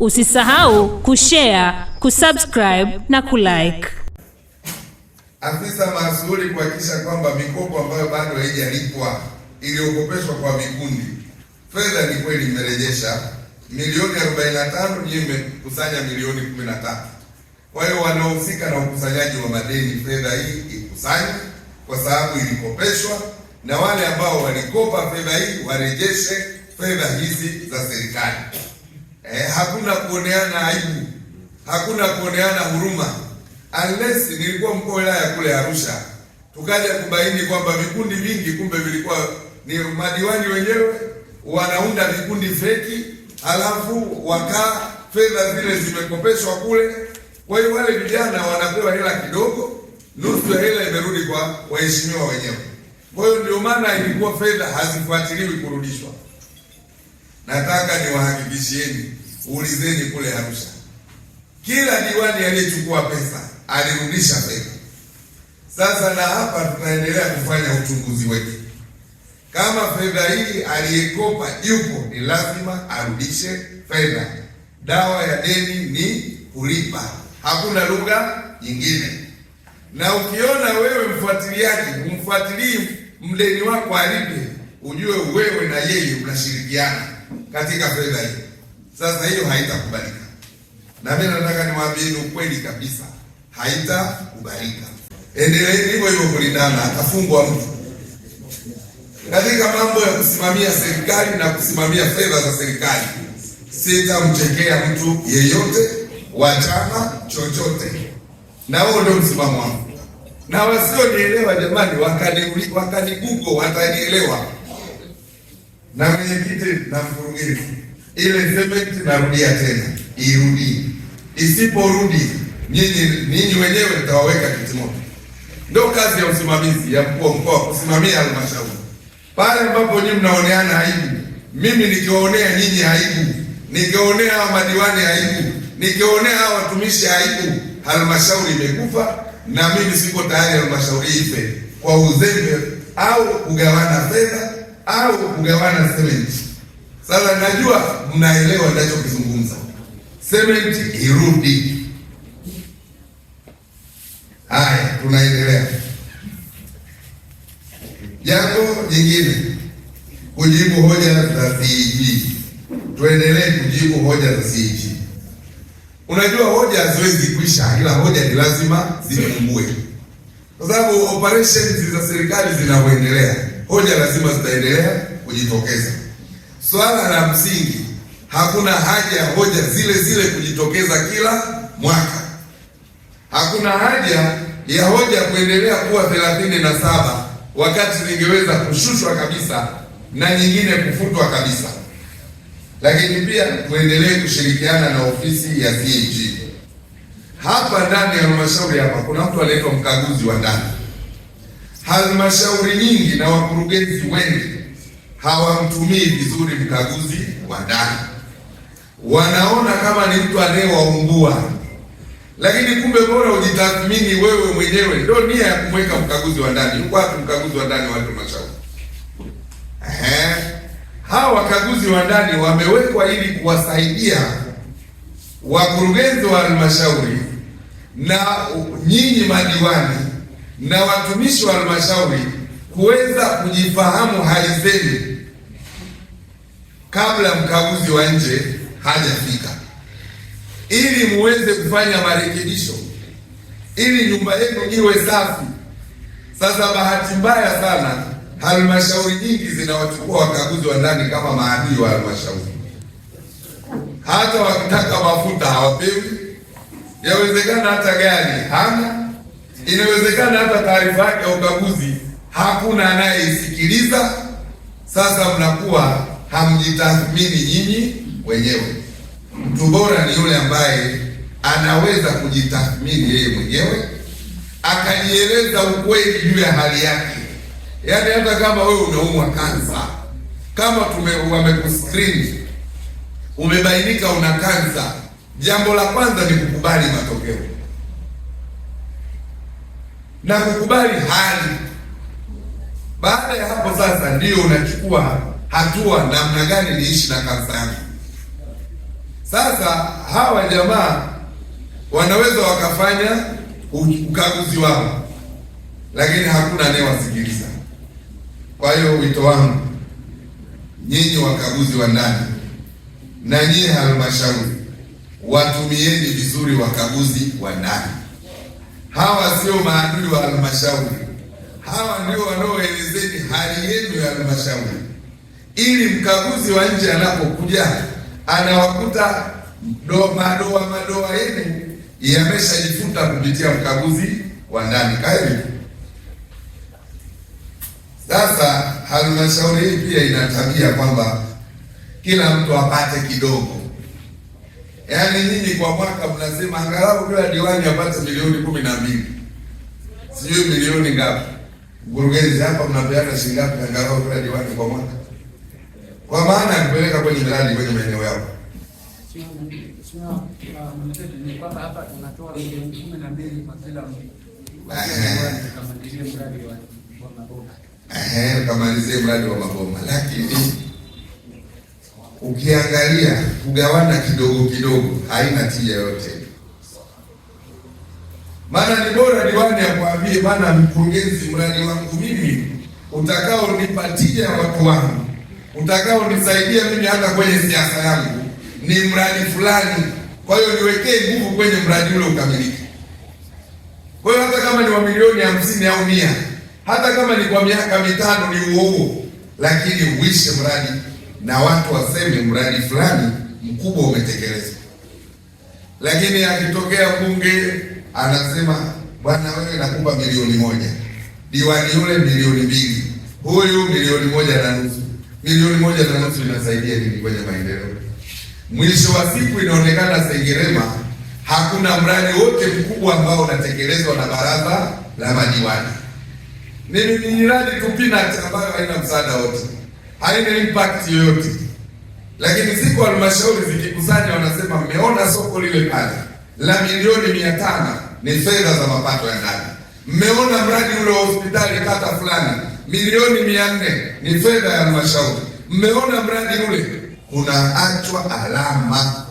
Usisahau kushare, kusubscribe na kulike. Afisa mazuri kuhakikisha kwamba mikopo ambayo bado haijalipwa iliyokopeshwa kwa vikundi, fedha ni kweli imerejesha milioni 45, nyinyi imekusanya milioni 13. Kwa hiyo wanaohusika na ukusanyaji wa madeni, fedha hii ikusanywe kwa sababu ilikopeshwa, na wale ambao walikopa fedha hii warejeshe fedha hizi za serikali eh, hakuna kuoneana aibu, hakuna kuoneana huruma. Unless nilikuwa mkuu wa wilaya kule Arusha, tukaja kubaini kwamba vikundi vingi kumbe vilikuwa ni madiwani wenyewe wanaunda vikundi feki, alafu wakaa fedha zile zimekopeshwa kule. Kwa hiyo wale vijana wanapewa hela kidogo, nusu ya hela imerudi kwa waheshimiwa wenyewe. Kwa hiyo ndio maana ilikuwa fedha hazifuatiliwi kurudishwa. Nataka niwahakikishieni, ulizeni kule Arusha, kila diwani aliyechukua pesa alirudisha pesa. Sasa na hapa tunaendelea kufanya uchunguzi wetu, kama fedha hii aliyekopa yupo, ni lazima arudishe fedha. Dawa ya deni ni kulipa, hakuna lugha nyingine. Na ukiona wewe mfuatiliaji, umfuatilii mdeni wako alipe, ujue wewe na yeye mnashirikiana katika fedha hiyo. Sasa hiyo haitakubalika, na mimi nataka niwaambie ukweli kabisa, haitakubalika. Endeleeni hivyo hivyo kulindana, atafungwa mtu katika mambo ya kusimamia serikali na kusimamia fedha za serikali. Sitamchekea mtu yeyote wa chama chochote, na huo ndio msimamo wangu, na wasionielewa jamani, wakani Google watanielewa na mwenyekiti na mkurugenzi, ile sementi narudia tena, irudii. Isiporudi nyinyi wenyewe mtawaweka kitimoto. Ndio kazi ya usimamizi ya mkuu wa mkoa, kusimamia halmashauri pale ambapo nyinyi mnaoneana aibu. Mimi nikiwaonea nyinyi aibu, nikiwaonea hawa madiwani aibu, nikiwaonea hawa watumishi aibu, halmashauri imekufa na mimi siko tayari halmashauri ife kwa uzembe au kugawana fedha au kugawana sementi. Sasa najua mnaelewa ninachokizungumza. Sementi irudi. Haya, tunaendelea. Jambo jingine, kujibu hoja za CAG. Tuendelee kujibu hoja za CAG. Unajua hoja haziwezi kuisha, ila hoja ni lazima zipungue, kwa sababu operations za serikali zinaendelea hoja lazima zitaendelea kujitokeza. Swala la msingi, hakuna haja ya hoja zile zile kujitokeza kila mwaka. Hakuna haja ya hoja kuendelea kuwa thelathini na saba wakati zingeweza kushushwa kabisa na nyingine kufutwa kabisa. Lakini pia tuendelee kushirikiana na ofisi ya CAG hapa ndani ya halmashauri. Hapa kuna mtu anaitwa mkaguzi wa ndani halmashauri nyingi na wakurugenzi wengi hawamtumii vizuri mkaguzi wa ndani, wanaona kama ni mtu anayewaungua, lakini kumbe bora ujitathmini wewe mwenyewe. Ndio nia ya kumweka mkaguzi wa ndani. Yuko hapo mkaguzi wa ndani wa halmashauri? Ehe, hawa wakaguzi wa ndani wamewekwa ili kuwasaidia wakurugenzi wa halmashauri na nyinyi madiwani na watumishi wa halmashauri kuweza kujifahamu hali zenu kabla mkaguzi wa nje hajafika, ili muweze kufanya marekebisho ili nyumba yenu iwe safi. Sasa bahati mbaya sana, halmashauri nyingi zinawachukua wakaguzi wa ndani kama maadui wa halmashauri. Hata wakitaka mafuta hawapewi, yawezekana hata gari hana Inawezekana hata taarifa yake ya ukaguzi hakuna anayeisikiliza. Sasa mnakuwa hamjitathmini nyinyi wenyewe. Mtu bora ni yule ambaye anaweza kujitathmini yeye mwenyewe akajieleza ukweli juu ya hali yake. Yaani hata kama wewe unaumwa kansa, kama wamekuskrini umebainika una kansa, jambo la kwanza ni kukubali matokeo na kukubali hali. Baada ya hapo sasa, ndio unachukua hatua namna gani niishi na kansa yangu. Sasa hawa jamaa wanaweza wakafanya ukaguzi wao, lakini hakuna anayewasikiliza. Kwa hiyo wito wangu nyinyi wakaguzi wa ndani na nyinyi halmashauri, watumieni vizuri wakaguzi wa ndani. Hawa sio maadui wa halmashauri, hawa ndio wanaoelezeni hali yenu ya halmashauri, ili mkaguzi wa nje anapokuja anawakuta do, madoa madoa yenu yameshajifuta kupitia mkaguzi wa ndani kaeli. Sasa halmashauri hii pia ina tabia kwamba kila mtu apate kidogo Yaani nyinyi kwa mwaka mnasema angalau kila diwani apate milioni kumi na mbili, sijui milioni ngapi. Mkurugenzi, hapa mnapeana shilingi ngapi angalau bila diwani kwa mwaka? Kwa maana ya kupeleka kwenye miradi kwenye maeneo yao kamalizie mradi wa maboma lakini ukiangalia kugawana kidogo kidogo haina tija yote, maana ni bora diwani akwambie, bana mkurugenzi, mradi wangu mimi utakaonipa tija ya watu wangu utakaonisaidia mimi hata kwenye siasa yangu ni mradi fulani, kwa hiyo niwekee nguvu kwenye mradi ule ukamilike. Kwa hiyo hata kama ni wa milioni hamsini au mia, hata kama ni kwa miaka mitano, ni uogo, lakini uishe mradi na watu waseme mradi fulani mkubwa umetekelezwa. Lakini akitokea bunge anasema bwana, wewe nakupa milioni moja, diwani yule milioni mbili, huyu milioni moja na nusu. Milioni moja na nusu inasaidia nini kwenye maendeleo? Mwisho wa siku inaonekana Sengerema hakuna mradi wote mkubwa ambao unatekelezwa na baraza la madiwani. Ni miradi tu peanuts ambayo haina msaada wote haina impact yoyote, lakini siku halmashauri zikikusanya wanasema mmeona soko lile pale la milioni mia tano ni fedha za mapato ya ndani, mmeona mradi ule wa hospitali kata fulani milioni mia nne ni fedha ya halmashauri, mmeona mradi ule, achwa alama.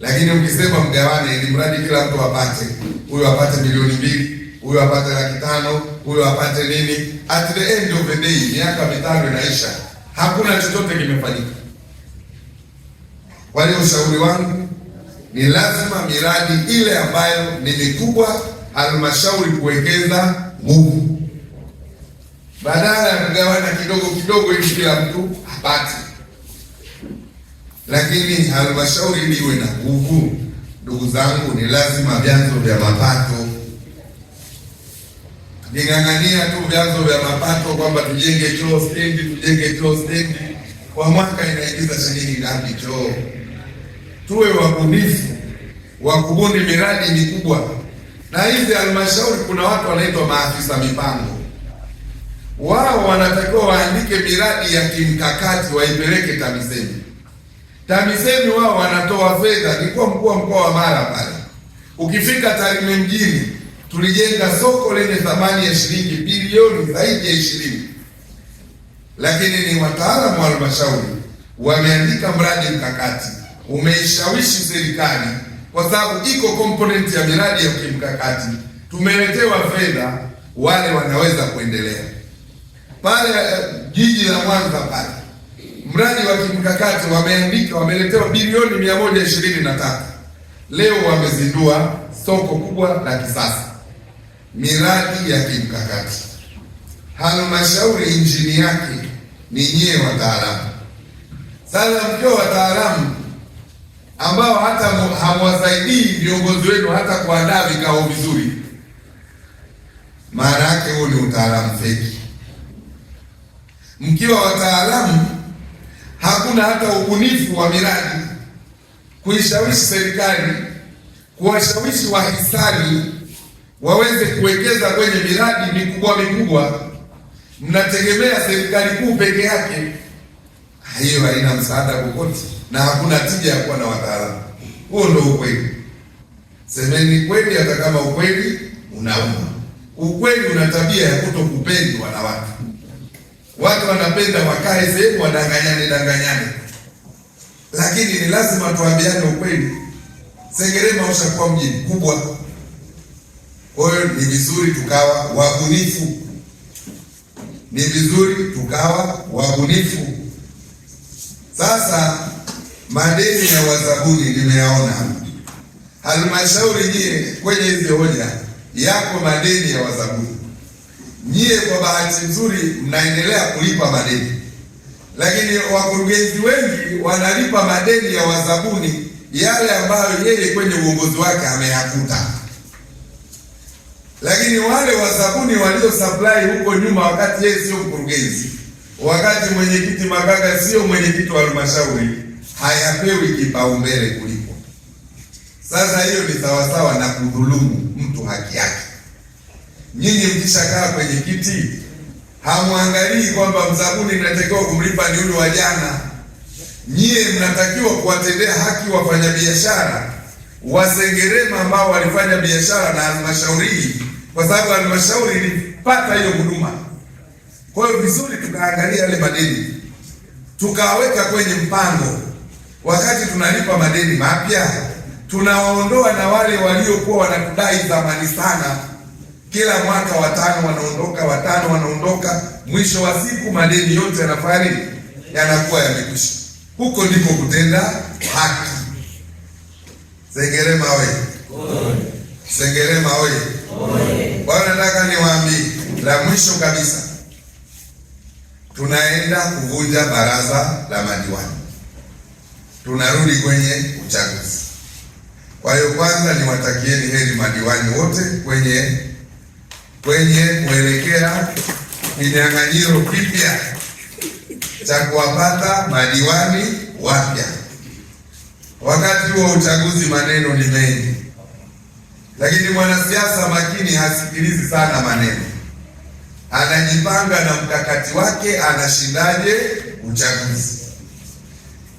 Lakini ukisema mgawane, ili mradi kila mtu apate, huyo apate milioni mbili, huyo apate laki tano huyo apate nini? At the end of the day, miaka mitano inaisha, hakuna chochote kimefanyika. Kwa hiyo ushauri wangu ni lazima miradi ile ambayo ni mikubwa halmashauri kuwekeza nguvu, badala ya kugawana kidogo kidogo ili kila mtu apate. Lakini halmashauri ili iwe na nguvu, ndugu zangu, ni lazima vyanzo vya mapato ning'ang'ania tu vyanzo vya mapato kwamba tujenge choo stendi, tujenge choo stendi. Kwa mwaka inaingiza shilingi ngapi choo? Tuwe wabunifu wa kubuni miradi mikubwa. Na hizi halmashauri kuna watu wanaitwa maafisa mipango, wao wanatakiwa waandike miradi ya kimkakati waipeleke TAMISEMI. TAMISEMI wao wanatoa fedha. Nilikuwa mkuu wa mkoa wa Mara pale, ukifika Tarime mjini tulijenga soko lenye thamani ya shilingi bilioni zaidi ya ishirini, lakini ni wataalamu wa halmashauri wameandika mradi mkakati, umeishawishi serikali kwa sababu iko komponenti ya miradi ya kimkakati. Tumeletewa fedha, wale wanaweza kuendelea pale eh, jiji la Mwanza pale mradi wa kimkakati wameandika, wameletewa bilioni mia moja ishirini na tatu. Leo wamezindua soko kubwa la kisasa miradi ya kimkakati. Halmashauri injini yake ni nyie wataalamu. Sasa mkiwa wataalamu ambao hata hamwasaidii viongozi wenu hata kuandaa vikao vizuri, maana yake huo ni utaalamu feki. Mkiwa wataalamu, hakuna hata ubunifu wa miradi, kuishawishi serikali, kuwashawishi wahisani waweze kuwekeza kwenye miradi mikubwa mikubwa. Mnategemea serikali kuu peke yake, ah, hiyo haina msaada kokote na hakuna tija ya kuwa na wataalamu. Huo ndo ukweli. Semeni kweli, hata kama ukweli unauma. Ukweli una tabia ya kuto kupendi wanawake. watu. Watu wanapenda wakae sehemu wadanganyane danganyane, lakini ni lazima tuambiane ukweli. Sengerema ushakuwa mji mkubwa kwa hiyo ni vizuri tukawa wabunifu, ni vizuri tukawa wabunifu. Sasa madeni ya wazabuni nimeyaona halmashauri, nyie kwenye hizi hoja yako madeni ya wazabuni. Nyie kwa bahati nzuri mnaendelea kulipa madeni, lakini wakurugenzi wengi wanalipa madeni ya wazabuni yale ambayo yeye kwenye uongozi wake ameyakuta lakini wale wazabuni walio supply huko nyuma, wakati yeye sio mkurugenzi, wakati mwenyekiti Magaga sio mwenyekiti wa halmashauri, hayapewi kipaumbele kulipo Sasa hiyo ni sawasawa na kudhulumu mtu haki yake. Nyinyi mkishakaa kwenye kiti, hamwangalii kwamba mzabuni inatakiwa kumlipa ni yule wa jana. Nyie mnatakiwa kuwatendea haki wafanyabiashara Wasengerema ambao walifanya biashara na halmashauri hii kwa sababu halmashauri ilipata hiyo huduma. Kwa hiyo vizuri, tukaangalia yale madeni tukaweka kwenye mpango. Wakati tunalipa madeni mapya, tunawaondoa na wale waliokuwa wanatudai zamani sana. Kila mwaka watano wanaondoka, watano wanaondoka, mwisho wa siku madeni yote yanafari yanakuwa yamekwisha. Huko ndiko kutenda haki. Sengerema oye! Sengerema oye! Kwa hiyo nataka niwaambie la mwisho kabisa, tunaenda kuvunja baraza la madiwani, tunarudi kwenye uchaguzi. Kwa hiyo kwanza niwatakieni heri madiwani wote kwenye kwenye kuelekea kinyang'anyiro kipya cha kuwapata madiwani wapya. Wakati huo uchaguzi, maneno ni mengi lakini mwanasiasa makini hasikilizi sana maneno, anajipanga na mkakati wake, anashindaje uchaguzi.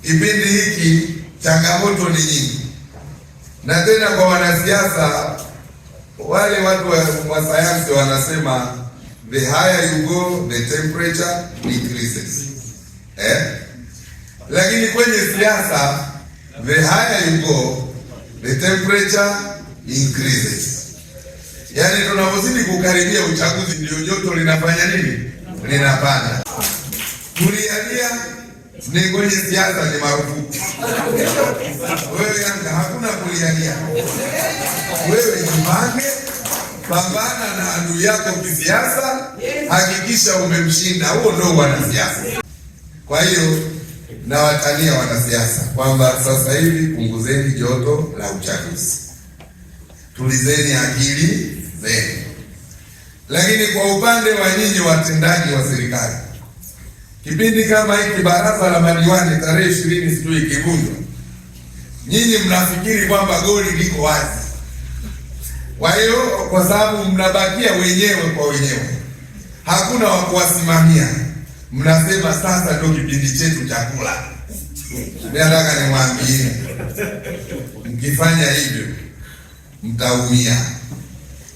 Kipindi hiki changamoto ni nyingi, na tena kwa wanasiasa wale watu wa sayansi wanasema the higher you go the temperature increases eh? Lakini kwenye siasa the higher you go the temperature increases. Yaani tunapozidi kukaribia uchaguzi ndio joto linafanya nini? Linapanda. Kulialia ni kwenye siasa ni marufuku. Wewe Yanga hakuna kulialia. Wewe jipange, pambana na adui yako kisiasa, hakikisha umemshinda. Huo ndio wanasiasa. Kwa hiyo nawatania wanasiasa kwamba sasa hivi punguzeni joto la uchaguzi tulizeni akili zenu. Lakini kwa upande wa nyinyi watendaji wa serikali, kipindi kama hiki baraza la madiwani tarehe ishirini sijui ikivunjwa, nyinyi mnafikiri kwamba goli liko wazi. Kwa hiyo kwa sababu mnabakia wenyewe kwa wenyewe, hakuna wa kuwasimamia, mnasema sasa ndio kipindi chetu cha kula. Nataka nimwambie mkifanya hivyo mtaumia,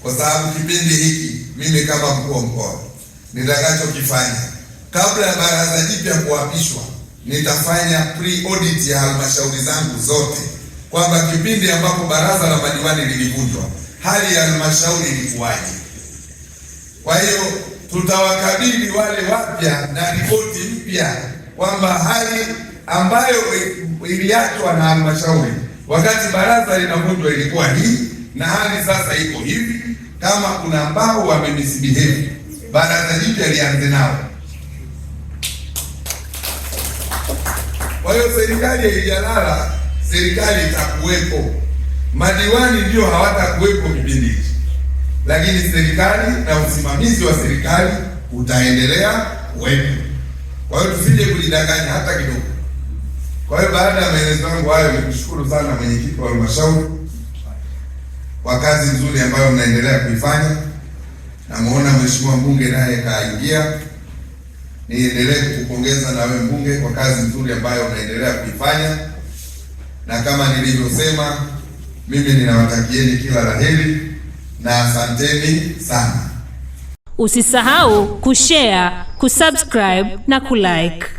kwa sababu kipindi hiki mimi kama mkuu wa mkoa nitakachokifanya kabla ya baraza jipya kuapishwa, nitafanya pre audit ya halmashauri zangu zote, kwamba kipindi ambapo baraza la madiwani lilivunjwa hali ya halmashauri ilikuwaje. Kwa hiyo tutawakabidhi wale wapya na ripoti mpya kwamba hali ambayo iliachwa na halmashauri wakati baraza linavunjwa ilikuwa hii na hali sasa iko hivi. Kama kuna ambao wamemisbehave, baraza jipya lianze nao. Kwa hiyo serikali haijalala, serikali itakuwepo. Madiwani ndio hawatakuwepo kipindi hiki, lakini serikali na usimamizi wa serikali utaendelea kuwepo. Kwa hiyo tusije kujidanganya hata kidogo. Kwa hiyo baada ya maelezo yangu hayo, nikushukuru sana mwenyekiti wa halmashauri kwa kazi nzuri ambayo mnaendelea kuifanya. Namuona mheshimiwa mbunge naye kaingia, niendelee kukupongeza na wewe mbunge kwa kazi nzuri ambayo unaendelea kuifanya, na kama nilivyosema, mimi ninawatakieni kila la heri na asanteni sana. Usisahau kushare, kusubscribe na kulike.